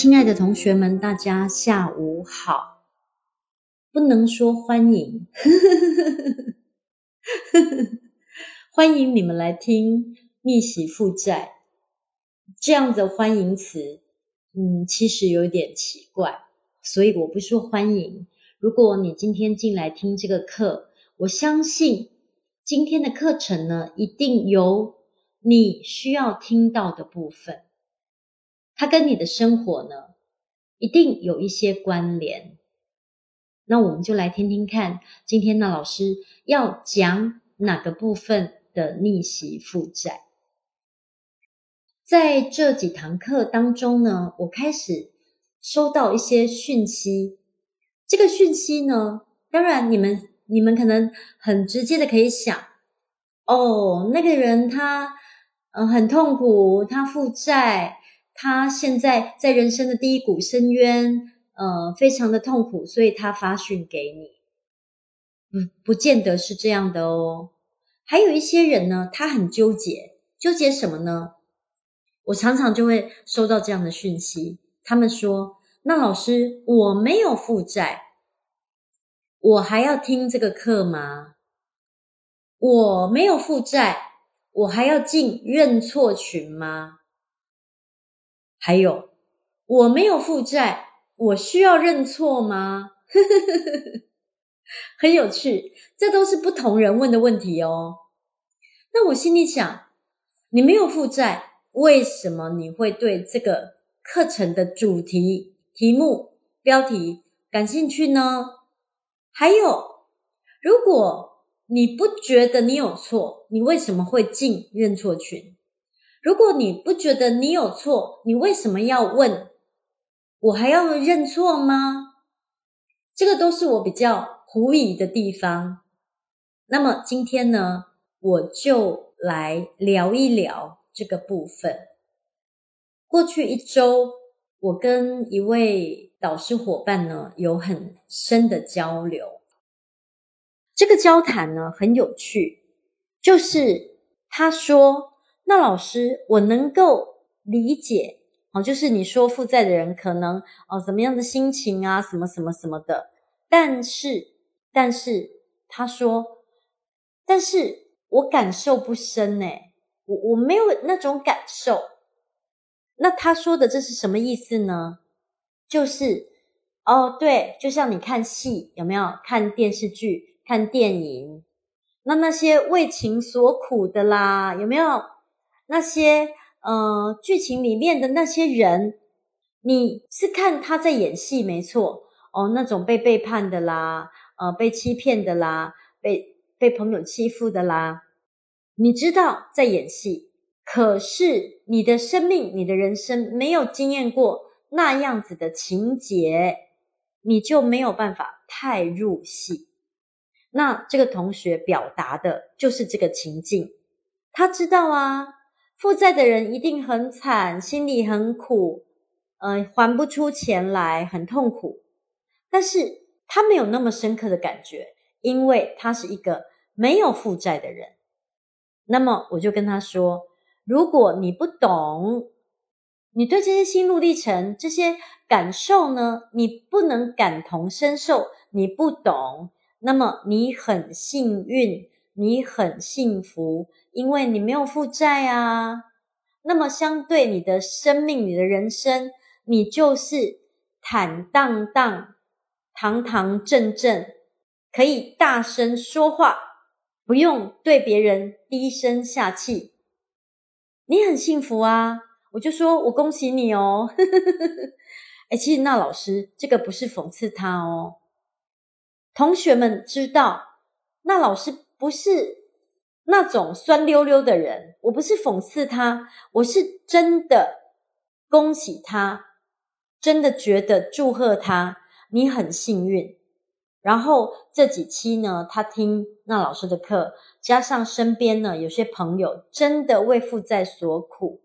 親愛的同學們，大家下午好。不能說歡迎， 歡迎你們來聽《逆襲負債》。這樣的歡迎詞。嗯，其實有點奇怪，所以我不說歡迎。如果你今天進來聽這個課，我相信今天的課程呢，一定有你需要聽到的部分。他跟你的生活呢，一定有一些關聯。那我們就來聽聽看，今天呢，老師要講哪個部分的逆襲負債？在這幾堂課當中呢，我開始收到一些訊息。這個訊息呢，當然你們你們可能很直接的可以想，哦，那個人他嗯、呃、很痛苦，他負債。他現在在人生的低谷深淵，呃，非常的痛苦，所以他發訊給你。不、嗯、不見得是這樣的哦。還有一些人呢，他很糾結，糾結什麼呢？我常常就會收到這樣的訊息，他們說：“那老師，我沒有負債，我還要聽這個課嗎？我沒有負債，我還要進認錯群嗎？”還有，我沒有負債，我需要認錯嗎？ 很有趣，這都是不同人問的問題哦。那我心裡想，你沒有負債，為什麼你會對這個課程的主題、題目、標題感興趣呢？還有，如果你不覺得你有錯，你為什麼會進認錯群？如果你不覺得你有錯，你為什麼要問，我還要認錯嗎？這個都是我比較狐疑的地方。那麼今天呢，我就來聊一聊這個部分。過去一周，我跟一位導師夥伴呢，有很深的交流。這個交談呢，很有趣，就是他說。那老師，我能夠理解，哦，就是你說負債的人可能，哦，什麼樣的心情啊，什麼什麼什麼的，但是，但是他說，但是我感受不深，呢。我我沒有那種感受。那他說的這是什麼意思呢？就是，哦，對，就像你看戲有沒有？看電視劇、看電影，那那些為情所苦的啦，有沒有？那些呃，劇情裡面的那些人，你是看他在演戲沒錯哦，那種被背叛的啦，呃，被欺騙的啦，被被朋友欺負的啦，你知道在演戲，可是你的生命、你的人生沒有經驗過那樣子的情節，你就沒有辦法太入戲。那這個同學表達的就是這個情境，他知道啊。負債的人一定很慘，心裡很苦，嗯、呃，還不出錢來，很痛苦。但是他沒有那麼深刻的感覺，因為他是一個沒有負債的人。那麼我就跟他說，如果你不懂，你對這些心路歷程、這些感受呢，你不能感同身受，你不懂，那麼你很幸運。你很幸福，因為你沒有負債啊。那麼，相對你的生命、你的人生，你就是坦蕩蕩、堂堂正正，可以大聲說話，不用對別人低聲下氣。你很幸福啊！我就說我恭喜你哦。哎、 欸，其實娜老師這個不是諷刺他哦。同學們知道，娜老師。不是那種酸溜溜的人，我不是諷刺他，我是真的恭喜他，真的覺得祝賀他，你很幸運。然後這幾期呢，他聽那老師的課，加上身邊呢有些朋友真的為負債所苦，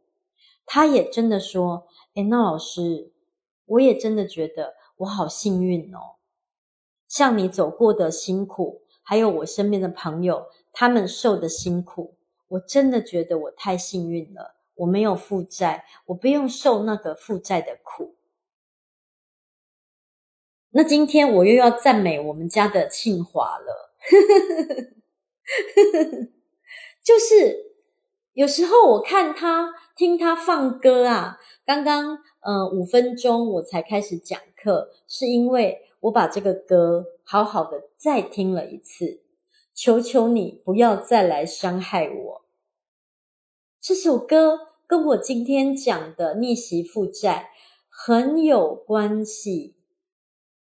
他也真的說：“哎，那老師，我也真的覺得我好幸運哦，像你走過的辛苦。”還有我身邊的朋友，他們受的辛苦，我真的覺得我太幸運了，我沒有負債，我不用受那個負債的苦。那今天我又要讚美我們家的慶華了， 就是有時候我看他。聽他放歌啊！剛剛，呃，五分鐘我才開始講課，是因為我把這個歌好好的再聽了一次。求求你不要再來傷害我。這首歌跟我今天講的逆襲負債很有關係。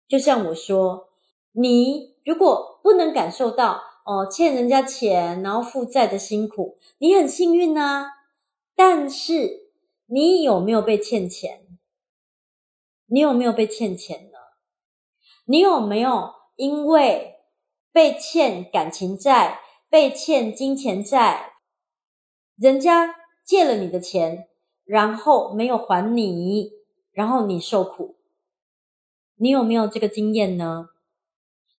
就像我說，你如果不能感受到哦，欠人家錢然後負債的辛苦，你很幸運啊。但是，你有沒有被欠錢？你有沒有被欠錢呢？你有沒有因為被欠感情債、被欠金錢債，人家借了你的錢，然後沒有還你，然後你受苦？你有沒有這個經驗呢？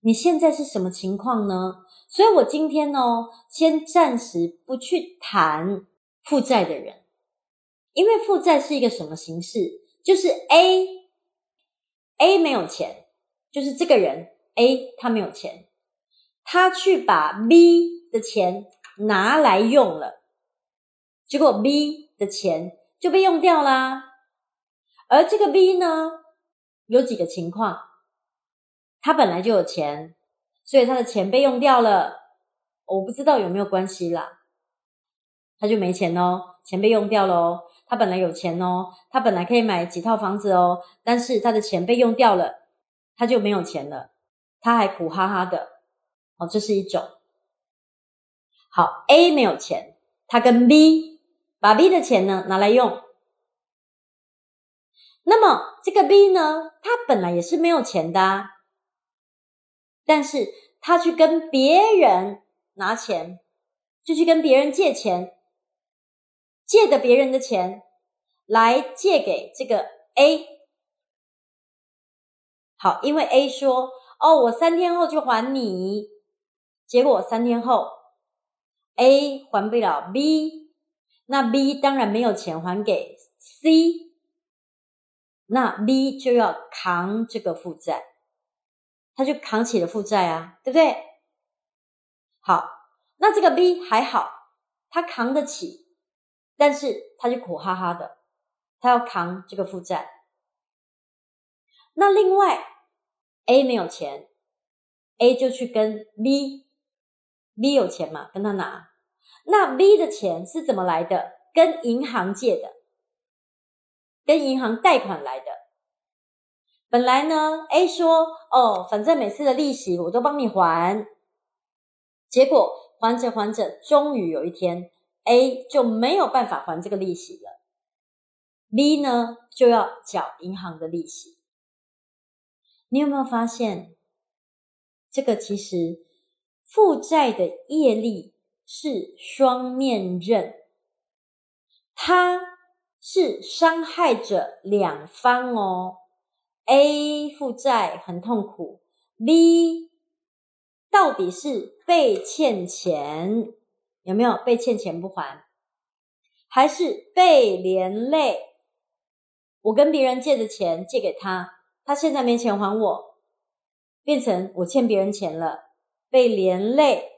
你現在是什麼情況呢？所以我今天呢，哦，先暫時不去談。負債的人，因為負債是一個什麼形式？就是 A，A 沒有錢，就是這個人 A 他沒有錢，他去把 B 的錢拿來用了，結果 B 的錢就被用掉啦。而這個 B 呢，有幾個情況，他本來就有錢，所以他的錢被用掉了，我不知道有沒有關係啦。他就沒錢嘍、哦，錢被用掉了哦。他本來有錢哦，他本來可以買幾套房子哦，但是他的錢被用掉了，他就沒有錢了，他還苦哈哈的哦。這是一種。好，A 沒有錢，他跟 B 把 B 的錢呢拿來用。那麼這個 B 呢，他本來也是沒有錢的、啊，但是他去跟別人拿錢，就去跟別人借錢。借的別人的錢來借給這個 A，好，因為 A 說：“哦，我三天後就還你。”結果三天後 A 還不了 B，那 B 當然沒有錢還給 C，那 B 就要扛這個負債，他就扛起了負債啊，對不對？好，那這個 B 還好，他扛得起。但是他就苦哈哈的，他要扛這個負債。那另外，A 沒有錢，A 就去跟 B，B 有錢嘛，跟他拿。那 B 的錢是怎麼來的？跟銀行借的，跟銀行貸款來的。本來呢，A 說：“哦，反正每次的利息我都幫你還。”結果還着還着，終於有一天。A 就沒有辦法還這個利息了，B 呢就要繳銀行的利息。你有沒有發現，這個其實負債的業力是雙面刃，它是傷害着兩方哦。A 負債很痛苦，B 到底是被欠錢？有沒有被欠錢不還？還是被連累？我跟別人借的錢借給他，他現在沒錢還我，變成我欠別人錢了，被連累，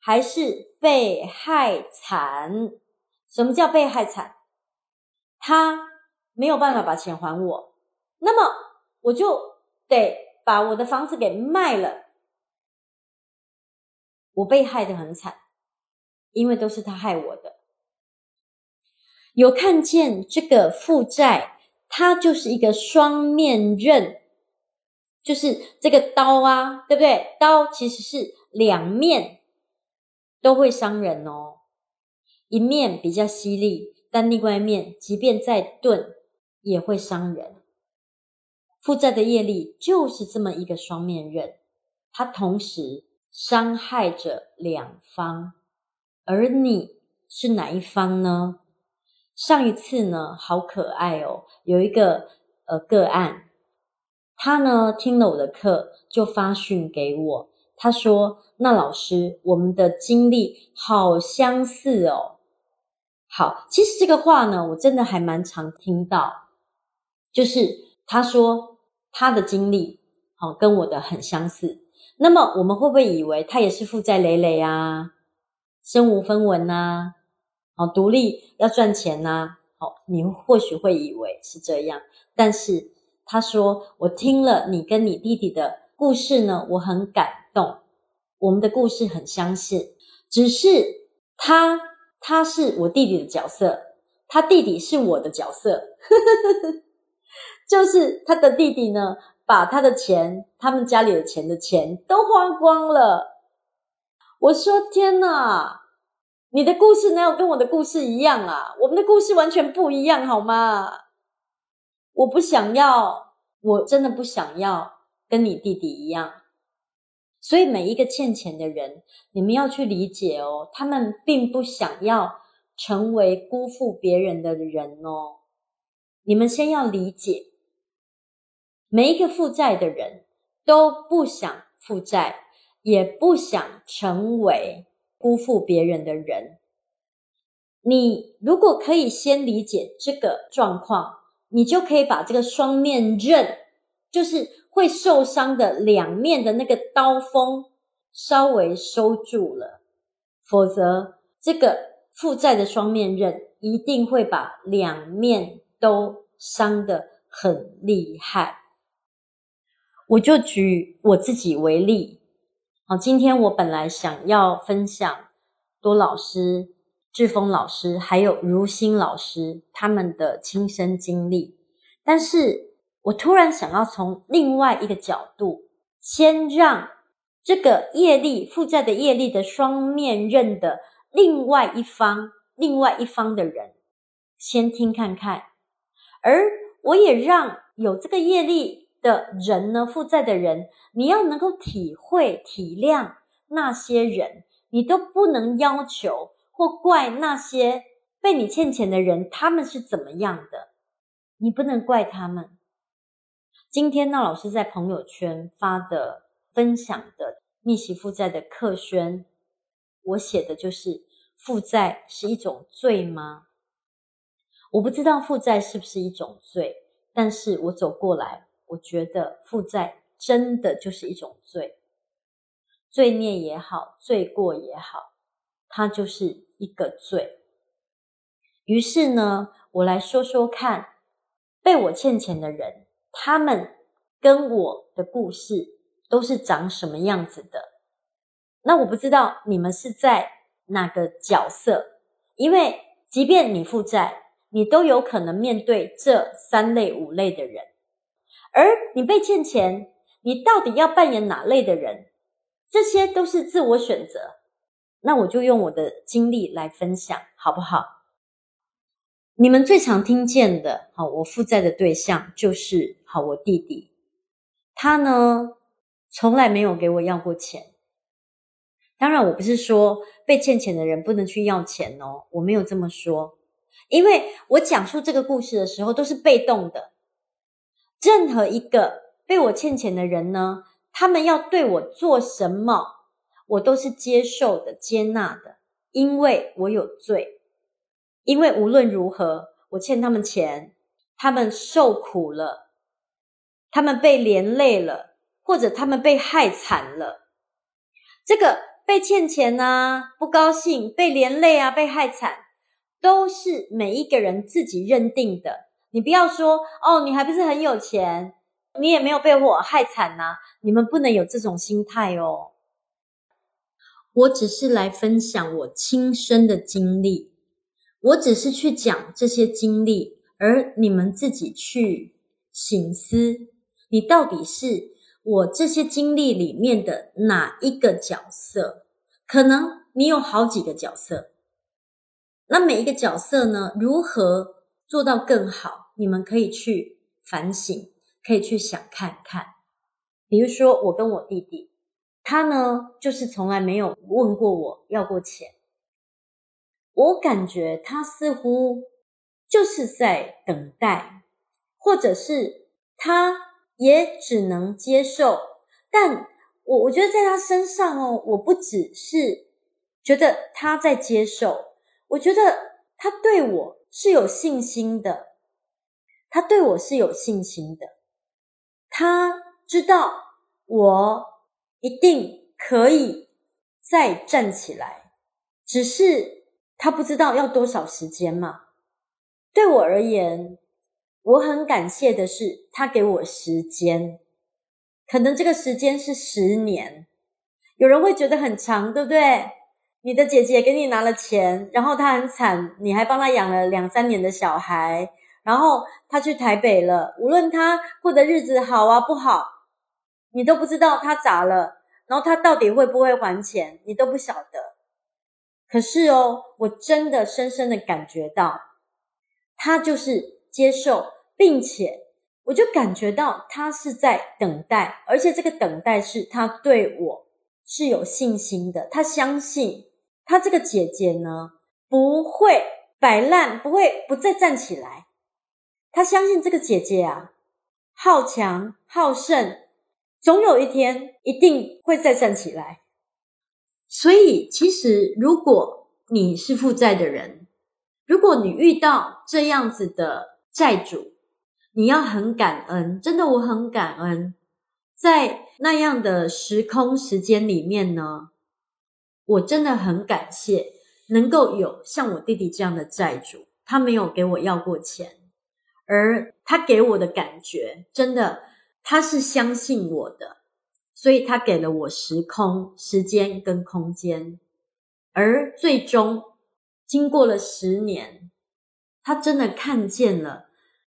還是被害慘？什麼叫被害慘？他沒有辦法把錢還我，那麼我就得把我的房子給賣了，我被害得很慘。因為都是他害我的，有看見這個負債，它就是一個雙面刃，就是這個刀啊，對不對？刀其實是兩面都會傷人哦，一面比較犀利，但另外一面即便再鈍也會傷人。負債的業力就是這麼一個雙面刃，它同時傷害着兩方。而你是哪一方呢？上一次呢，好可愛哦，有一個呃個案，他呢聽了我的課就發訊給我，他說：“那老師，我們的經歷好相似哦。”好，其實這個話呢，我真的還蠻常聽到，就是他說他的經歷好、哦、跟我的很相似。那麼我們會不會以為他也是負債累累啊？身無分文吶，好，獨立要賺錢吶，好，你或許會以為是這樣，但是他說，我聽了你跟你弟弟的故事呢，我很感動，我們的故事很相似，只是他他是我弟弟的角色，他弟弟是我的角色，呵呵呵，就是他的弟弟呢，把他的錢，他們家裡的錢的錢都花光了。我說天哪，你的故事哪有跟我的故事一樣啊？我們的故事完全不一樣，好嗎？我不想要，我真的不想要跟你弟弟一樣。所以每一個欠錢的人，你們要去理解哦，他們並不想要成為辜負別人的人哦。你們先要理解，每一個負債的人都不想負債。也不想成為辜負別人的人。你如果可以先理解這個狀況，你就可以把這個雙面刃，就是會受傷的兩面的那個刀鋒，稍微收住了。否則，這個負債的雙面刃一定會把兩面都傷得很厲害。我就舉我自己為例。今天我本來想要分享多老師、志峰老師還有如新老師他們的親身經歷，但是我突然想要從另外一個角度，先讓這個業力，負債的業力的雙面刃的另外一方，另外一方的人先聽看看，而我也讓有這個業力。的人呢，負債的人，你要能夠體會體諒那些人，你都不能要求或怪那些被你欠錢的人，他們是怎麼樣的，你不能怪他們。今天呢，老師在朋友圈發的分享的逆襲負債的課宣，我寫的就是負債是一種罪嗎？我不知道負債是不是一種罪，但是我走過來。我覺得負債真的就是一種罪，罪孽也好，罪過也好，它就是一個罪。於是呢，我來說說看，被我欠錢的人，他們跟我的故事都是長什麼樣子的？那我不知道你們是在哪個角色，因為即便你負債，你都有可能面對這三類五類的人。而你被欠錢，你到底要扮演哪類的人？這些都是自我選擇。那我就用我的經歷來分享，好不好？你們最常聽見的，好，我負債的對象就是，好，我弟弟。他呢，從來沒有給我要過錢。當然，我不是說被欠錢的人不能去要錢哦，我沒有這麼說。因為我講述這個故事的時候都是被動的。任何一個被我欠錢的人呢，他們要對我做什麼，我都是接受的、接納的，因為我有罪。因為無論如何我欠他們錢，他們受苦了，他們被連累了，或者他們被害慘了。這個被欠錢呢、啊，不高興，被連累啊，被害慘，都是每一個人自己認定的。你不要說哦，你還不是很有錢，你也沒有被我害慘吶、啊。你們不能有這種心態哦。我只是來分享我親身的經歷，我只是去講這些經歷，而你們自己去省思，你到底是我這些經歷裡面的哪一個角色？可能你有好幾個角色，那每一個角色呢，如何做到更好？你們可以去反省，可以去想看看。比如說，我跟我弟弟，他呢就是從來沒有問過我要過錢。我感覺他似乎就是在等待，或者是他也只能接受。但我我覺得在他身上哦，我不只是覺得他在接受，我覺得他對我是有信心的。他對我是有信心的，他知道我一定可以再站起來，只是他不知道要多少時間嘛。對我而言，我很感謝的是他給我時間，可能這個時間是十年，有人會覺得很長，對不對？你的姐姐給你拿了錢，然後她很慘，你還幫她養了兩三年的小孩。然後他去台北了，無論他過的日子好啊不好，你都不知道他咋了。然後他到底會不會還錢，你都不曉得。可是哦，我真的深深的感覺到，他就是接受，並且我就感覺到他是在等待，而且這個等待是他對我是有信心的，他相信他這個姐姐呢，不會擺爛，不會不再站起來。他相信這個姐姐啊，好強好勝，總有一天一定會再站起來。所以，其實如果你是負債的人，如果你遇到這樣子的債主，你要很感恩。真的，我很感恩，在那樣的時空時間裡面呢，我真的很感謝能夠有像我弟弟這樣的債主，他沒有給我要過錢。而他給我的感覺，真的，他是相信我的，所以他給了我時空、時間跟空間。而最終，經過了十年，他真的看見了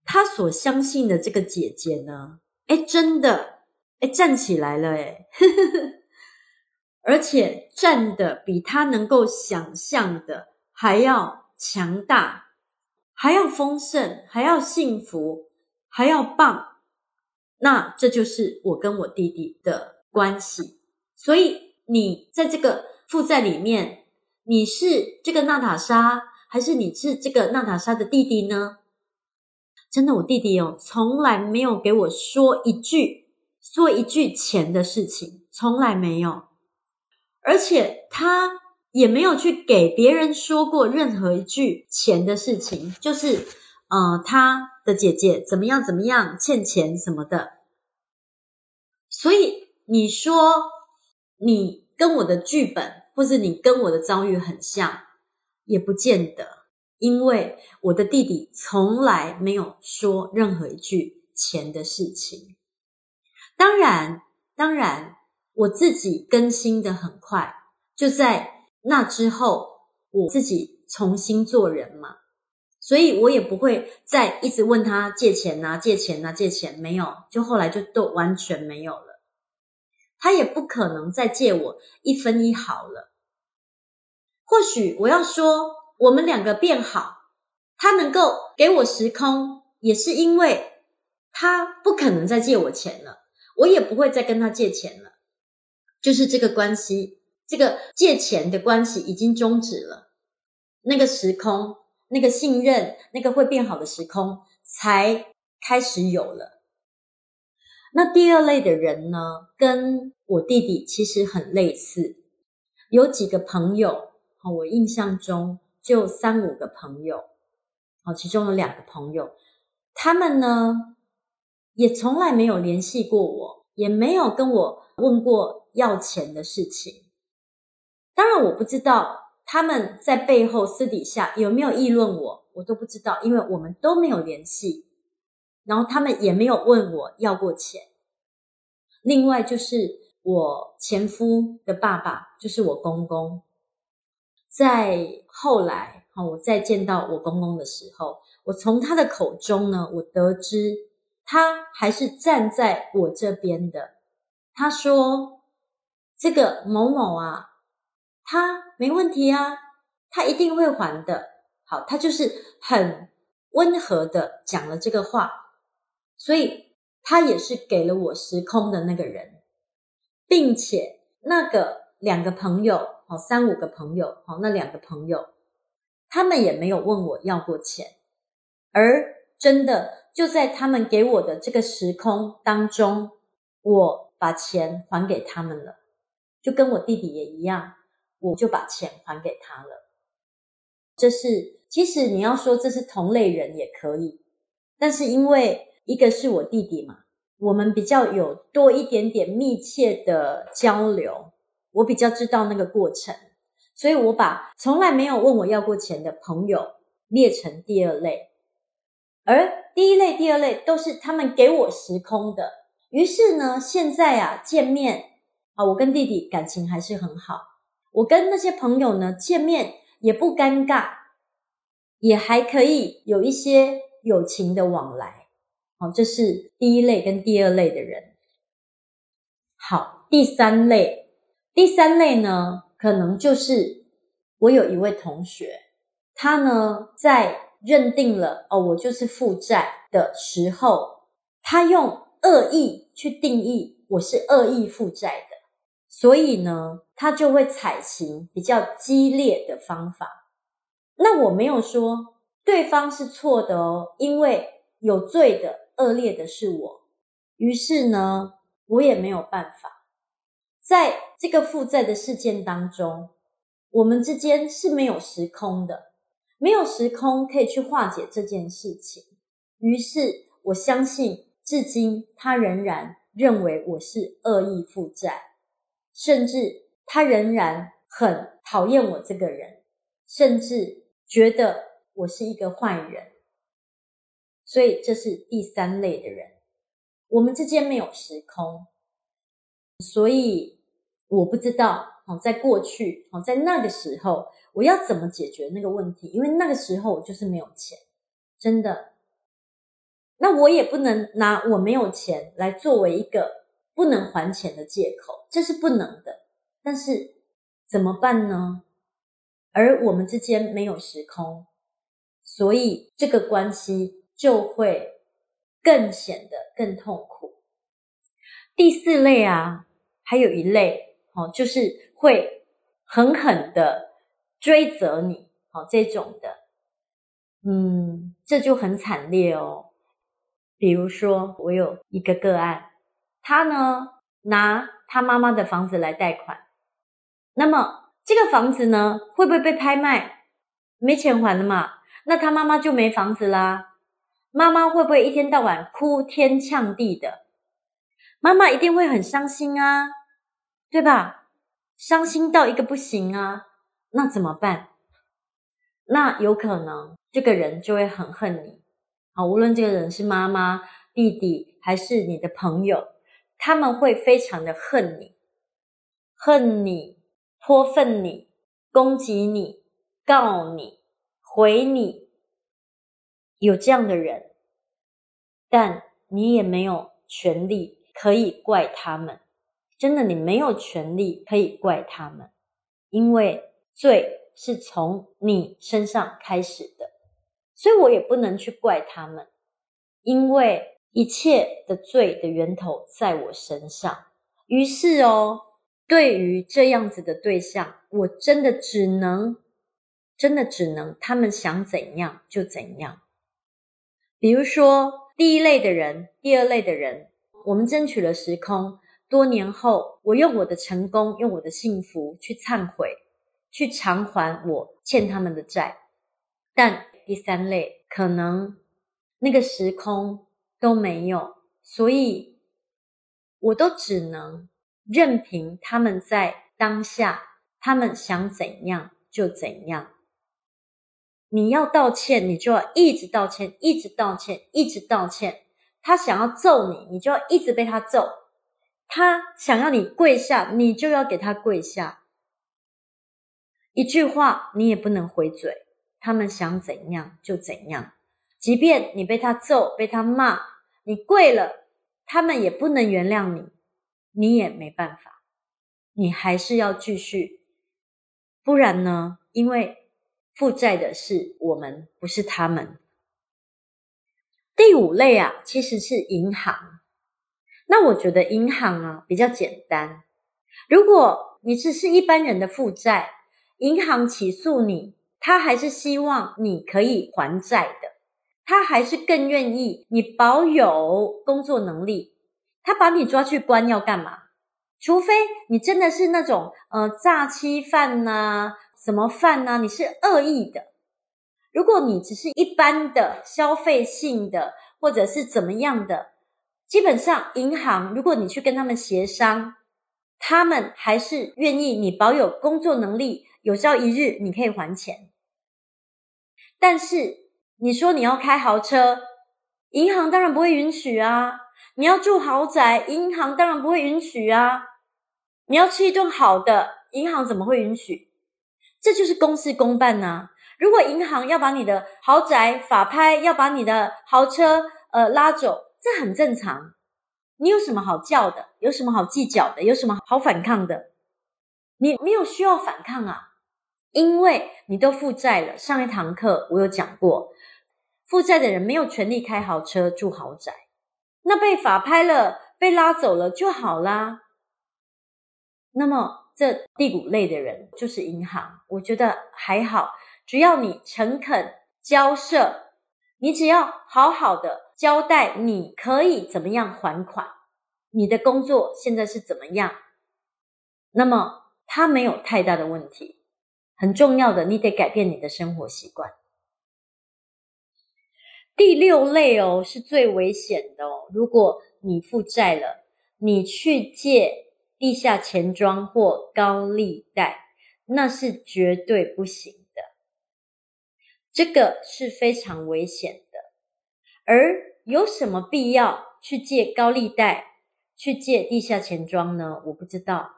他所相信的這個姐姐呢，哎，真的，哎，站起來了，哎，呵， 而且站的比他能夠想象的還要強大。還要豐盛，還要幸福，還要棒。那這就是我跟我弟弟的關係。所以你在這個負債裡面，你是這個娜塔莎，還是你是這個娜塔莎的弟弟呢？真的，我弟弟哦，從來沒有給我說一句說一句錢的事情，從來沒有。而且他。也沒有去給別人說過任何一句錢的事情，就是，呃，他的姐姐怎麼樣怎麼樣，欠錢什麼的。所以你說你跟我的劇本或者你跟我的遭遇很像，也不見得，因為我的弟弟從來沒有說任何一句錢的事情。當然，當然，我自己更新的很快，就在。那之後，我自己重新做人嘛，所以我也不會再一直問他借錢吶、啊，借錢吶、啊，借錢沒有，就後來就都完全沒有了。他也不可能再借我一分一毫了。或許我要說，我們兩個變好，他能夠給我時空，也是因為他不可能再借我錢了，我也不會再跟他借錢了，就是這個關係。這個借錢的關係已經終止了，那個時空、那個信任、那個會變好的時空才開始有了。那第二類的人呢，跟我弟弟其實很類似，有幾個朋友，我印象中就三五個朋友，哦，其中有兩個朋友，他們呢也從來沒有聯繫過我，也沒有跟我問過要錢的事情。但我不知道他們在背後私底下有沒有議論我，我都不知道，因為我們都沒有聯繫，然後他們也沒有問我要過錢。另外就是我前夫的爸爸，就是我公公，在後來我再見到我公公的時候，我從他的口中呢，我得知他還是站在我這邊的。他說：“這個某某啊。”他沒問題啊，他一定會還的。好，他就是很溫和的講了這個話，所以他也是給了我時空的那個人，並且那個兩個朋友哦，三五個朋友哦，那兩個朋友，他們也沒有問我要過錢，而真的就在他們給我的這個時空當中，我把錢還給他們了，就跟我弟弟也一樣。我就把錢還給他了。這是，即使你要說這是同類人也可以，但是因為一個是我弟弟嘛，我們比較有多一點點密切的交流，我比較知道那個過程，所以我把從來沒有問我要過錢的朋友列成第二類，而第一類、第二類都是他們給我時空的。於是呢，現在啊，見面啊，我跟弟弟感情還是很好。我跟那些朋友呢，見面也不尷尬，也還可以有一些友情的往來。好，這是第一類跟第二類的人。好，第三類，第三類呢，可能就是我有一位同學，他呢，在認定了哦，我就是負債的時候，他用惡意去定義我是惡意負債的。所以呢，他就會採行比較激烈的方法。那我沒有說對方是錯的哦，因為有罪的、惡劣的是我。於是呢，我也沒有辦法。在這個負債的事件當中，我們之間是沒有時空的，沒有時空可以去化解這件事情。於是我相信，至今他仍然認為我是惡意負債。甚至他仍然很討厭我這個人，甚至覺得我是一個壞人，所以這是第三類的人。我們之間沒有時空，所以我不知道哦，在過去哦，在那個時候我要怎麼解決那個問題？因為那個時候我就是沒有錢，真的。那我也不能拿我沒有錢來作為一個。不能還錢的借口，這是不能的。但是怎麼辦呢？而我們之間沒有時空，所以這個關係就會更顯得更痛苦。第四類啊，還有一類哦，就是會狠狠的追責你哦，這種的。嗯，這就很慘烈哦。比如說，我有一個個案。他呢，拿他媽媽的房子來貸款，那麼這個房子呢，會不會被拍賣？沒錢還了嘛？那他媽媽就沒房子啦。媽媽會不會一天到晚哭天搶地的？媽媽一定會很傷心啊，對吧？傷心到一個不行啊，那怎麼辦？那有可能這個人就會很恨你，好，無論這個人是媽媽、弟弟，還是你的朋友。他們會非常的恨你，恨你，潑糞你，攻擊你，告你，毀你，有這樣的人，但你也沒有權利可以怪他們，真的，你沒有權利可以怪他們，因為罪是從你身上開始的，所以我也不能去怪他們，因為，一切的罪的源頭在我身上，於是哦，對於這樣子的對象，我真的只能，真的只能，他們想怎樣就怎樣。比如說，第一類的人，第二類的人，我們爭取了時空，多年後，我用我的成功，用我的幸福去懺悔，去償還我欠他們的債。但第三類，可能那個時空。都沒有，所以我都只能任憑他們在當下，他們想怎樣就怎樣。你要道歉，你就要一直道歉，一直道歉，一直道歉。他想要揍你，你就要一直被他揍。他想要你跪下，你就要給他跪下。一句話，你也不能回嘴。他們想怎樣就怎樣。即便你被他揍，被他罵，你跪了，他們也不能原諒你，你也沒辦法，你還是要繼續，不然呢？因為負債的是我們，不是他們。第五類啊，其實是銀行。那我覺得銀行啊比較簡單，如果你只是一般人的負債，銀行起訴你，他還是希望你可以還債的。他還是更願意你保有工作能力，他把你抓去關要幹嘛？除非你真的是那種呃，詐欺犯吶、啊，什麼犯吶、啊？你是惡意的。如果你只是一般的消費性的，或者是怎麼樣的，基本上銀行如果你去跟他們協商，他們還是願意你保有工作能力，有朝一日你可以還錢。但是。你說你要開豪車，銀行當然不會允許啊；你要住豪宅，銀行當然不會允許啊；你要吃一頓好的，銀行怎麼會允許？這就是公事公辦啊。如果銀行要把你的豪宅法拍，要把你的豪車呃拉走，這很正常。你有什麼好叫的？有什麼好計較的？有什麼好反抗的？你沒有需要反抗啊，因為你都負債了。上一堂課我有講過。負債的人沒有權利開豪車住豪宅，那被法拍了，被拉走了就好啦。那麼這第五類的人就是銀行，我覺得還好，只要你誠懇交涉，你只要好好的交代你可以怎麼樣還款，你的工作現在是怎麼樣，那麼它沒有太大的問題。很重要的，你得改變你的生活習慣。第六類哦，是最危險的哦。如果你負債了，你去借地下錢莊或高利貸，那是絕對不行的。這個是非常危險的。而有什麼必要去借高利貸、去借地下錢莊呢？我不知道。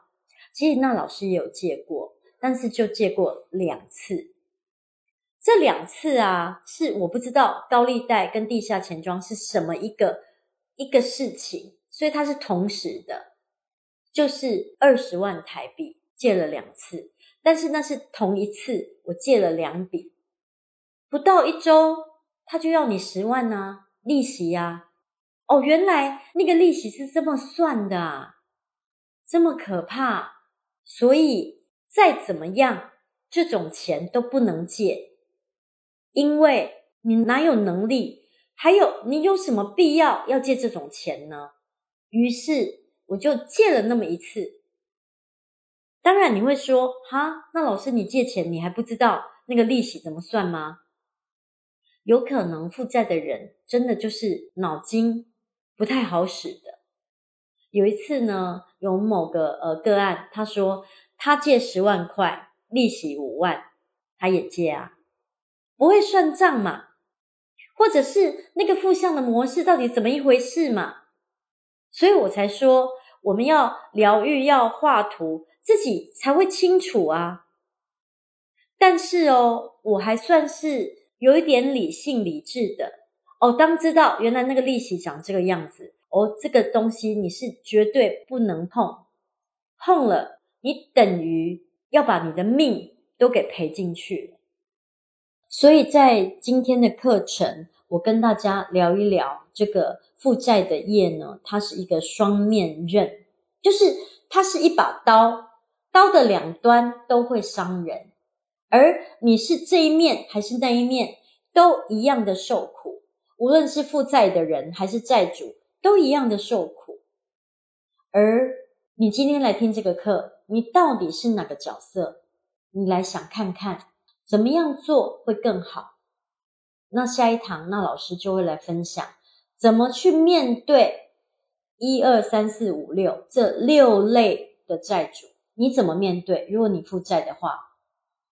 其實娜老師也有借過，但是就借過兩次。這兩次啊，是我不知道高利貸跟地下錢莊是什麼一個一個事情，所以它是同時的，就是二十萬台幣借了兩次，但是那是同一次，我借了兩筆，不到一周他就要你十萬啊，利息啊！哦，原來那個利息是這麼算的啊，這麼可怕！所以再怎麼樣，這種錢都不能借。因為你哪有能力，還有你有什麼必要要借這種錢呢？於是我就借了那麼一次。當然你會說哈，那老師你借錢你還不知道那個利息怎麼算嗎？有可能負債的人真的就是腦筋不太好使的。有一次呢，有某個呃個案，他說他借十萬塊，利息五萬，他也借啊。不會算賬嘛？或者是那個負向的模式到底怎麼一回事嘛？所以我才說我們要療癒，要畫圖，自己才會清楚啊。但是哦，我還算是有一點理性理智的哦。當知道原來那個利息長這個樣子哦，這個東西你是絕對不能碰，碰了你等於要把你的命都給賠進去了。所以在今天的課程，我跟大家聊一聊這個負債的業呢，它是一個雙面刃，就是它是一把刀，刀的兩端都會傷人，而你是這一面還是那一面，都一樣的受苦。無論是負債的人還是債主，都一樣的受苦。而你今天來聽這個課，你到底是哪個角色？你來想看看。怎麼樣做會更好？那下一堂，那老師就會來分享怎麼去面對一二三四五六這六類的債主，你怎麼面對？如果你負債的話，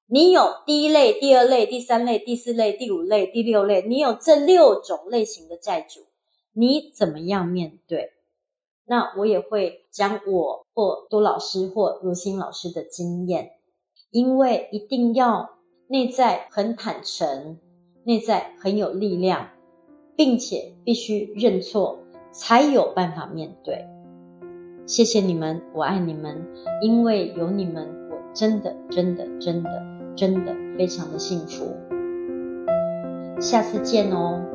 你有第一類、第二類、第三類、第四類、第五類、第六類，你有這六種類型的債主，你怎麼樣面對？那我也會講我或多老師或如新老師的經驗，因為一定要。內在很坦誠，內在很有力量，並且必須認錯才有辦法面對。謝謝你們，我愛你們，因為有你們，我真的真的真的真的非常的幸福。下次見哦。